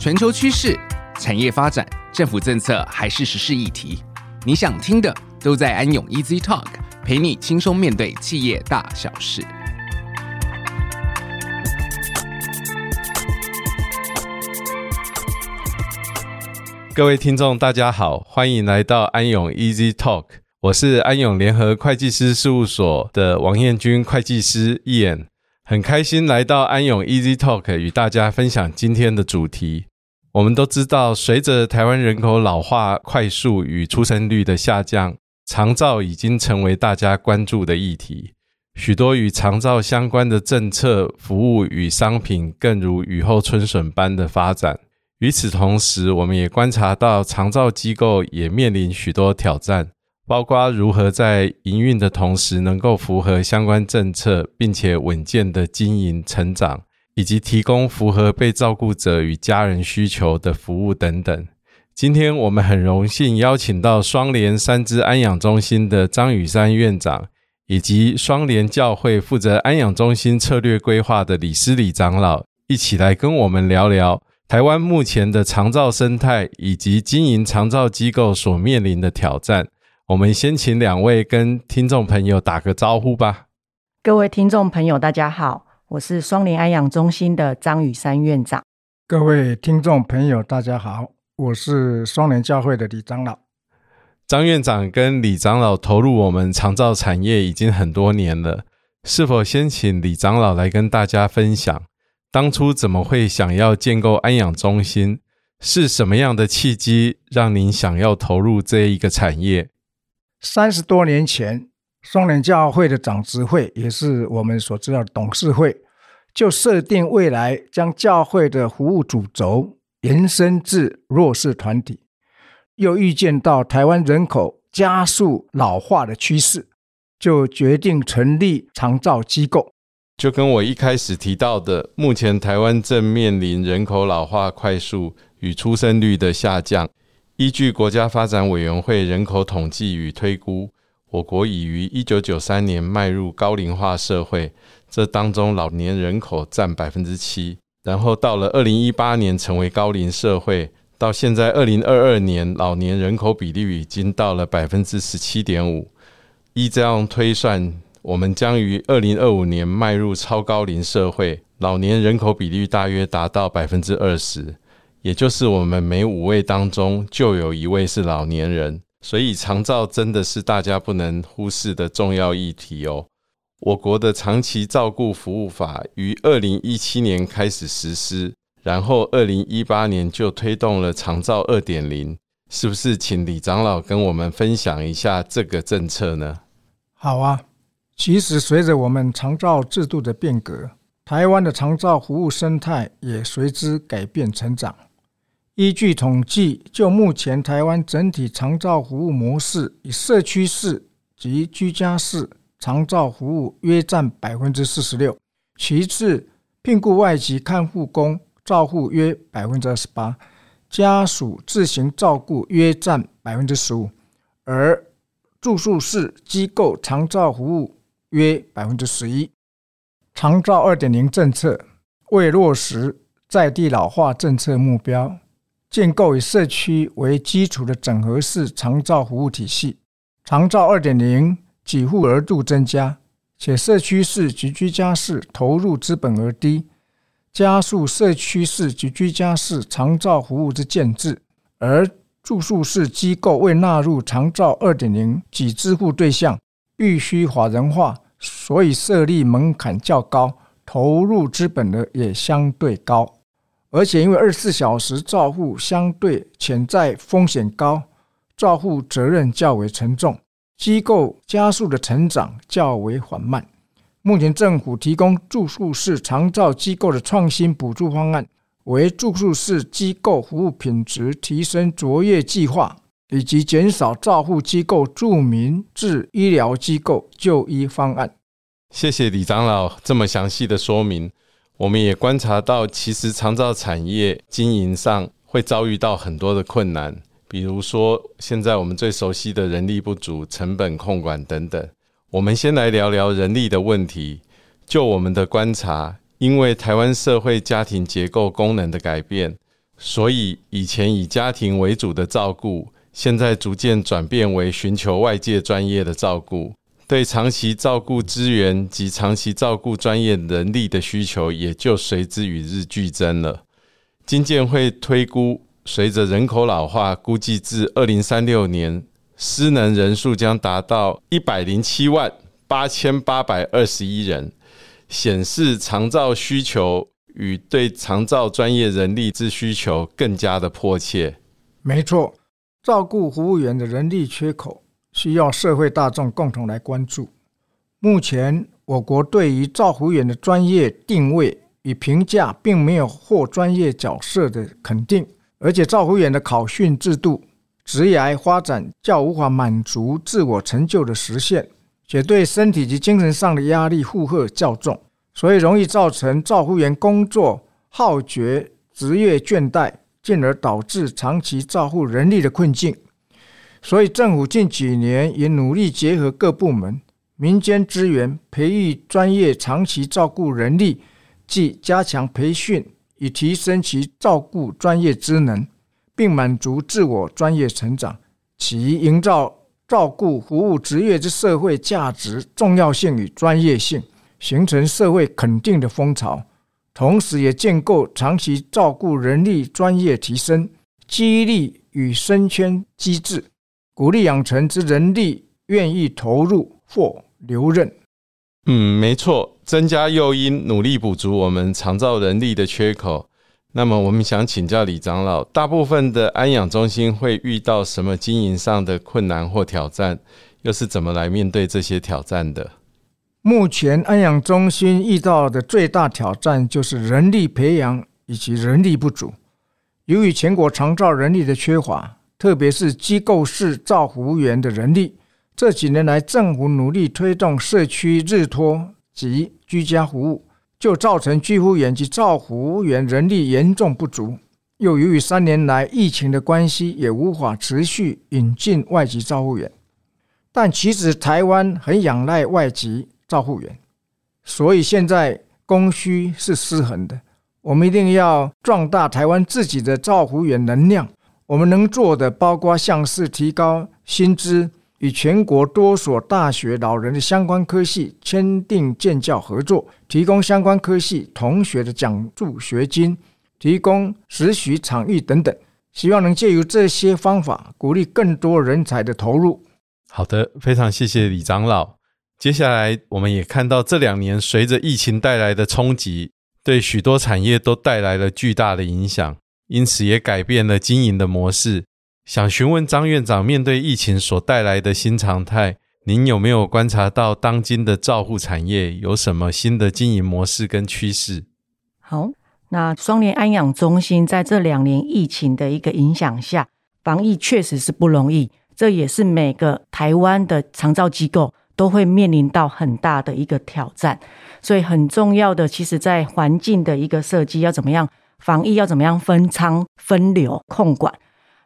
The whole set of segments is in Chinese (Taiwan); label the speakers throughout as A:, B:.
A: 全球趨勢、產業發展、政府政策還是時事議題，你想聽的都在安永 Easy Talk，陪你輕鬆面對企業大小事。
B: 各位聽眾，大家好，歡迎來到安永 Easy Talk，我是安永聯合會計師事務所的王彥鈞會計師 Ian，、e、很開心來到安永 Easy Talk 與大家分享今天的主題。我們都知道，隨着台灣人口老化快速與出生率的下降，長照已經成為大家關注的議題。許多與長照相關的政策、服務與商品，更如雨後春筍般的發展。與此同時，我們也觀察到，長照機構也面臨許多挑戰，包括如何在營運的同時，能夠符合相關政策，並且穩健的經營成長。以及提供符合被照顧者與家人需求的服務等等。今天我們很榮幸邀請到雙聯三芝安養中心的張語珊院長，以及雙聯教會負責安養中心策略規劃的李詩禮長老，一起來跟我們聊聊台灣目前的長照生態以及經營長照機構所面臨的挑戰。我們先請兩位跟聽眾朋友打個招呼吧。
C: 各位聽眾朋友，大家好。
A: 我是雙連安養中心的張語珊院長。各位聽眾朋友，大家好，我是雙連教會的李長老。
B: 張院長跟李長老投入我們長照產業已經很多年了，是否先請李長老來跟大家分享，當初怎麼會想要建構安養中心？是什麼樣的契機讓您想要投入這一個產業？
A: 三十多年前，雙連教會的長執會也是我們所知道的董事會，就設定未來將教會的服務主軸延伸至弱勢團體，又預見到台灣人口加速老化的趨勢，就決定成立長照機構。
B: 就跟我一開始提到的，目前台灣正面臨人口老化快速與出生率的下降，依據國家發展委員會人口統計與推估。我國已於一九九三年邁入高齡化社會，這當中老年人口占百分之七。然後到了二零一八年成為高齡社會，到現在二零二二年老年人口比例已經到了百分之十七點五。依這樣推算，我們將於二零二五年邁入超高齡社會，老年人口比例大約達到百分之二十，也就是我們每五位當中就有一位是老年人。所以，長照真的是大家不能忽視的重要議題哦。我國的長期照顧服務法於二零一七年開始實施，然後二零一八年就推動了長照二點零，是不是？請李長老跟我們分享一下這個政策呢？
A: 好啊，其實隨着我們長照制度的變革，台灣的長照服務生態也隨之改變成長。依據統計，就目前台灣整體長照服務模式，以社區式及居家式長照服務約佔百分之四十六，其次聘僱外籍看護工照護約百分之二十八，家屬自行照顧約佔百分之十五，而住宿式機構長照服務約百分之十一。長照二點零政策為落實在地老化政策目標。建構以社區為基礎的整合式長照服務體系，長照二點零給付額度增加，且社區式及居家式投入資本額低，加速社區式及居家式長照服務之建製，而住宿式機構未納入長照二點零給付對象，必須法人化，所以設立門檻較高，投入資本額也相對高。而且，因為二十四小時照護相對潛在風險高，照護責任較為沉重，機構加速的成長較為緩慢。目前，政府提供住宿式長照機構的創新補助方案，為住宿式機構服務品質提升卓越計劃，以及減少照護機構住民至醫療機構就醫方案。
B: 謝謝李長老這麼詳細的說明。我們也觀察到，其實長照產業經營上會遭遇到很多的困難，比如說現在我們最熟悉的人力不足、成本控管等等。我們先來聊聊人力的問題。就我們的觀察，因為台灣社會家庭結構功能的改變，所以以前以家庭為主的照顧，現在逐漸轉變為尋求外界專業的照顧。對長期照顧資源及長期照顧專業人力的需求，也就隨之與日俱增了。經建會推估，隨着人口老化，估計至二零三六年，失能人數將達到一百零七萬八千八百二十一人，顯示長照需求與對長照專業人力之需求更加的迫切。
A: 沒錯，照顧服務員的人力缺口。需要社會大眾共同來關注。目前，我國對於照護員的專業定位與評價，並沒有獲專業角色的肯定。而且，照護員的考訓制度、職業發展較無法滿足自我成就的實現，且對身體及精神上的壓力負荷較重，所以容易造成照護員工作耗竭、職業倦怠，進而導致長期照護人力的困境。所以，政府近幾年也努力結合各部門、民間資源，培育專業長期照顧人力，即加強培訓，以提升其照顧專業職能，並滿足自我專業成長，其營造照顧服務職業之社會價值、重要性與專業性，形成社會肯定的風潮。同時，也建構長期照顧人力專業提升、激勵與升遷機制。鼓勵養成之人力願意投入或留任。
B: 嗯，沒錯，增加誘因，努力補足我們長照人力的缺口。那麼，我們想請教李長老，大部分的安養中心會遇到什麼經營上的困難或挑戰？又是怎麼來面對這些挑戰的？
A: 目前安養中心遇到的最大挑戰就是人力培養以及人力不足。由於全國長照人力的缺乏。特別是機構式照服員的人力，這幾年來政府努力推動社區日托及居家服務，就造成居服員及照服員人力嚴重不足。又由於三年來疫情的關係，也無法持續引進外籍照護員。但其實台灣很仰賴外籍照護員，所以現在供需是失衡的。我們一定要壯大台灣自己的照護員能量。我們能做的包括像是提高薪資，與全國多所大學老人的相關科系簽訂建教合作，提供相關科系同學的獎助學金，提供實習場域等等，希望能借由這些方法鼓勵更多人才的投入。
B: 好的，非常謝謝李長老。接下來我們也看到這兩年隨着疫情帶來的衝擊，對許多產業都帶來了巨大的影響。因此也改變了經營的模式。想詢問張院長，面對疫情所帶來的新常態，您有沒有觀察到當今的照護產業有什麼新的經營模式跟趨勢？
C: 好，那雙聯安養中心在這兩年疫情的一個影響下，防疫確實是不容易，這也是每個台灣的長照機構都會面臨到很大的一個挑戰。所以很重要的，其實在環境的一個設計要怎麼樣？防疫要怎麼樣分艙分流控管？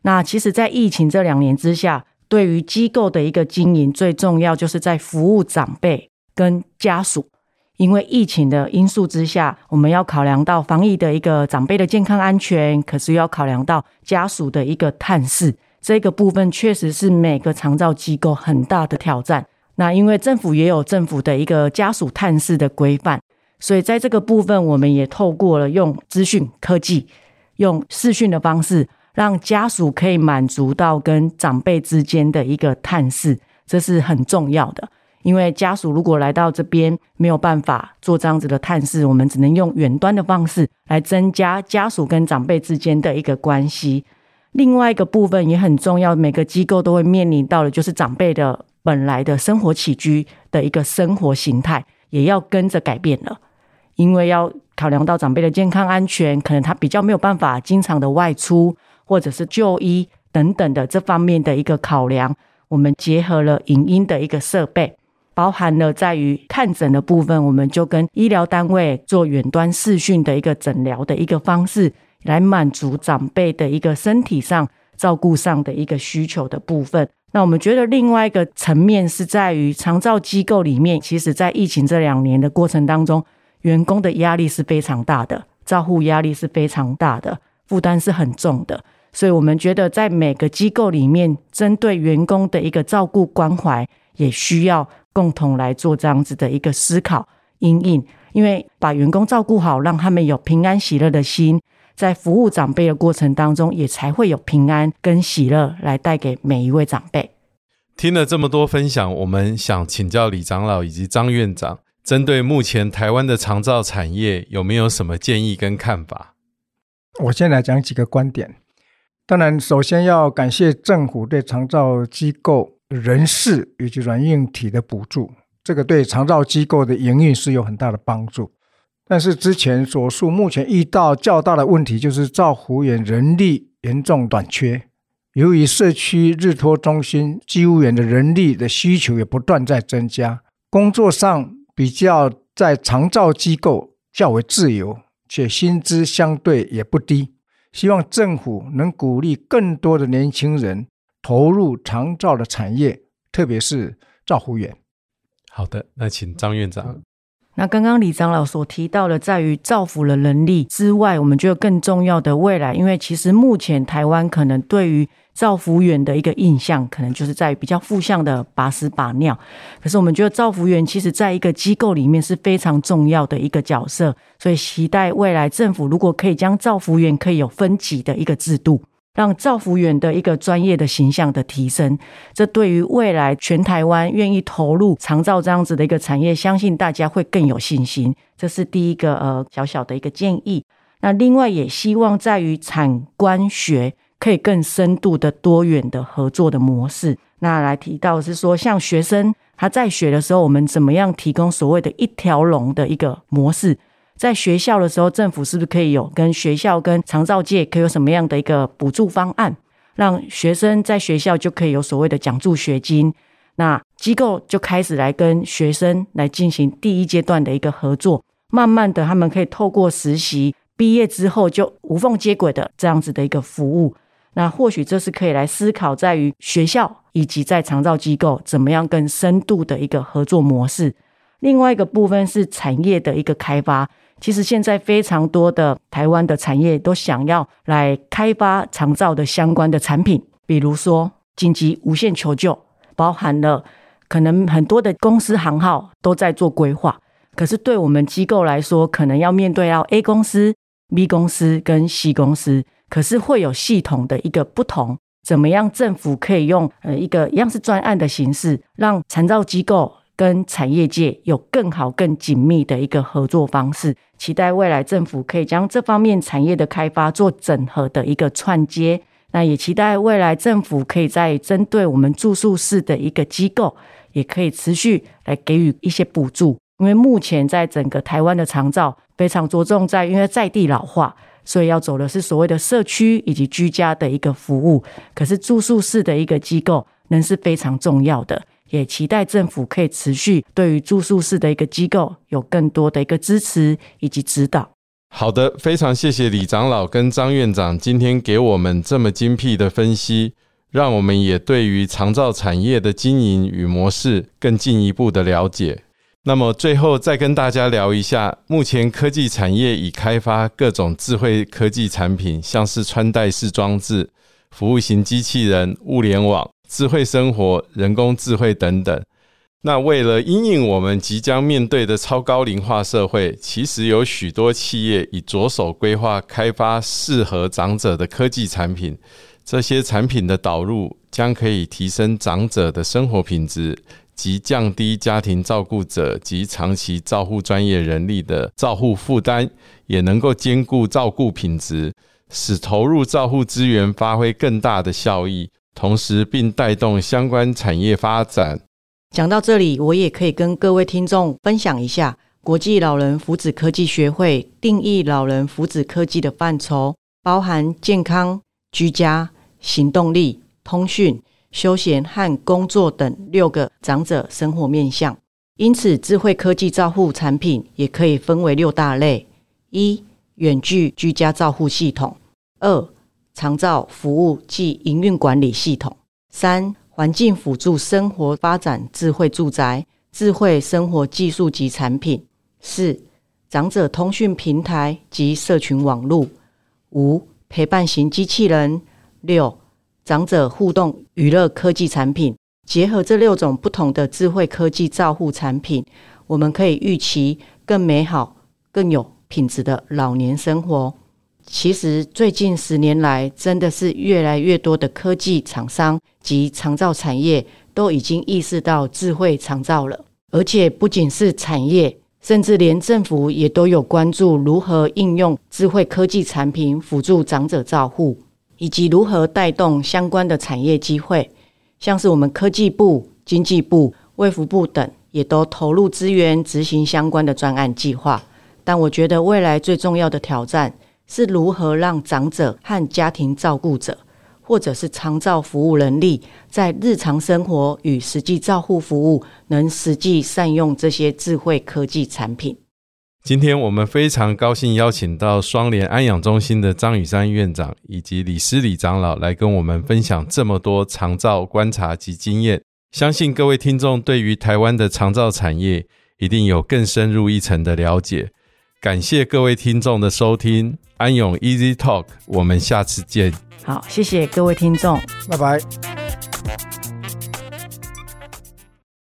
C: 那其實，在疫情這兩年之下，對於機構的一個經營，最重要就是在服務長輩跟家屬。因為疫情的因素之下，我們要考量到防疫的一個長輩的健康安全，可是要考量到家屬的一個探視，這個部分確實是每個長照機構很大的挑戰。那因為政府也有政府的一個家屬探視的規範。所以在這個部分，我們也透過了用資訊科技、用視訊的方式，讓家屬可以滿足到跟長輩之間的一個探視，這是很重要的。因為家屬如果來到這邊沒有辦法做這樣子的探視，我們只能用遠端的方式來增加家屬跟長輩之間的一個關係。另外一個部分也很重要，每個機構都會面臨到的，就是長輩的本來的生活起居的一個生活形態，也要跟着改變了。因為要考量到長輩的健康安全，可能他比較沒有辦法經常的外出或者是就醫等等的這方面的一個考量，我們結合了影音的一個設備，包含了在於看診的部分，我們就跟醫療單位做遠端視訊的一個診療的一個方式，來滿足長輩的一個身體上照顧上的一個需求的部分。那我們覺得另外一個層面是在於長照機構裡面，其實在疫情這兩年的過程當中。員工的壓力是非常大的，照顧壓力是非常大的，負擔是很重的，所以我們覺得在每個機構裡面，針對員工的一個照顧關懷，也需要共同來做這樣子的一個思考，因應，因為把員工照顧好，讓他們有平安喜樂的心，在服務長輩的過程當中，也才會有平安跟喜樂來帶給每一位長輩。
B: 聽了這麼多分享，我們想請教李長老以及張院長。針對目前台灣的長照產業，有沒有什麼建議跟看法？
A: 我先來講幾個觀點。當然，首先要感謝政府對長照機構的人事以及軟硬體的補助，這個對長照機構的營運是有很大的幫助。但是之前所述，目前遇到較大的問題就是照服員人力嚴重短缺，由於社區日托中心機務員的人力的需求也不斷在增加，工作上。比較在長照機構較為自由，且薪資相對也不低。希望政府能鼓勵更多的年輕人投入長照的產業，特別是
B: 照護員。好的，那請張院長。
A: 那剛剛李長老所提到
C: 的，在於照護的能力之外，我們就有更重要的未來，因為其實目前台灣可能對於。造福照服員的一個印象，可能就是在比較負向的把屎把尿。可是我們覺得造福照服員其實在一個機構裡面是非常重要的一個角色，所以期待未來政府如果可以將造福照服員可以有分級的一個制度，讓造福照服員的一個專業的形象的提升，這對於未來全台灣願意投入長照這樣子的一個產業，相信大家會更有信心。這是第一個呃小小的一個建議。那另外也希望在於產官學。可以更深度的多元的合作的模式，那來提到是說，像學生他在學的時候，我們怎麼樣提供所謂的一條龍的一個模式？在學校的時候，政府是不是可以有跟學校跟長照界可以有什麼樣的一個補助方案，讓學生在學校就可以有所謂的獎助學金？那機構就開始來跟學生來進行第一階段的一個合作，慢慢的他們可以透過實習，畢業之後就無縫接軌的這樣子的一個服務。那或許這是可以來思考，在於學校以及在長照機構怎麼樣更深度的一個合作模式。另外一個部分是產業的一個開發。其實現在非常多的台灣的產業都想要來開發長照的相關的產品，比如說緊急無線求救，包含了可能很多的公司行號都在做規劃。可是對我們機構來說，可能要面對到 A 公司、B 公司跟 C 公司。可是會有系統的一個不同，怎麼樣？政府可以用呃一個央視專案的形式，讓長照機構跟產業界有更好、更緊密的一個合作方式。期待未來政府可以將這方面產業的開發做整合的一個串接。那也期待未來政府可以在針對我們住宿式的一個機構，也可以持續來給予一些補助，因為目前在整個台灣的長照非常着重在，因為在地老化。所以要走的是所謂的社區以及居家的一個服務，可是住宿式的一個機構仍是非常重要的，也期待政府可以持續對於住宿式的一個機構有更多的一個支持以及指導。
B: 好的，非常謝謝李長老跟張院長今天給我們這麼精闢的分析，讓我們也對於長照產業的經營與模式更進一步的了解。那麼最後，再跟大家聊一下，目前科技產業已開發各種智慧科技產品，像是穿戴式裝置、服務型機器人、物聯網、智慧生活、人工智慧等等。那為了因應我們即將面對的超高齡化社會，其實有許多企業已着手規劃開發適合長者的科技產品。這些產品的導入將可以提升長者的生活品質。即降低家庭照顧者及長期照顧專業人力的照顧負擔，也能夠兼顧照顧品質，使投入照顧資源發揮更大的效益，同時並帶動相關產業發展。
C: 講到這裡，我也可以跟各位聽眾分享一下國際老人福祉科技學會定義老人福祉科技的範疇，包含健康、居家、行動力、通訊、休閒和工作等六個長者生活面向，因此智慧科技照護產品也可以分為六大類：一、遠距居家照護系統；二、長照服務及營運管理系統；三、環境輔助生活發展智慧住宅、智慧生活技術及產品；四、長者通訊平台及社群網絡；五、陪伴型機器人；六。長者互動娛樂科技產品，結合這六種不同的智慧科技照護產品，我們可以預期更美好、更有品質的老年生活。其實，最近十年來，真的是越來越多的科技廠商及長照產業都已經意識到智慧長照了，而且不僅是產業，甚至連政府也都有關注如何應用智慧科技產品輔助長者照護。以及如何帶動相關的產業機會，像是我們科技部、經濟部、衛福部等，也都投入資源執行相關的專案計劃。但我覺得未來最重要的挑戰是如何讓長者和家庭照顧者，或者是長照服務人力，在日常生活與實際照護服務，能實際善用這些智慧科技產品。
B: 今天我們非常高興邀請到雙連安養中心的張語珊院長以及李詩禮長老來跟我們分享這麼多長照觀察及經驗。相信各位聽眾對於台灣的長照產業一定有更深入一層的了解。感謝各位聽眾的收聽，安永 Easy Talk，我們下次見。好，
C: 謝謝各位聽眾，拜拜。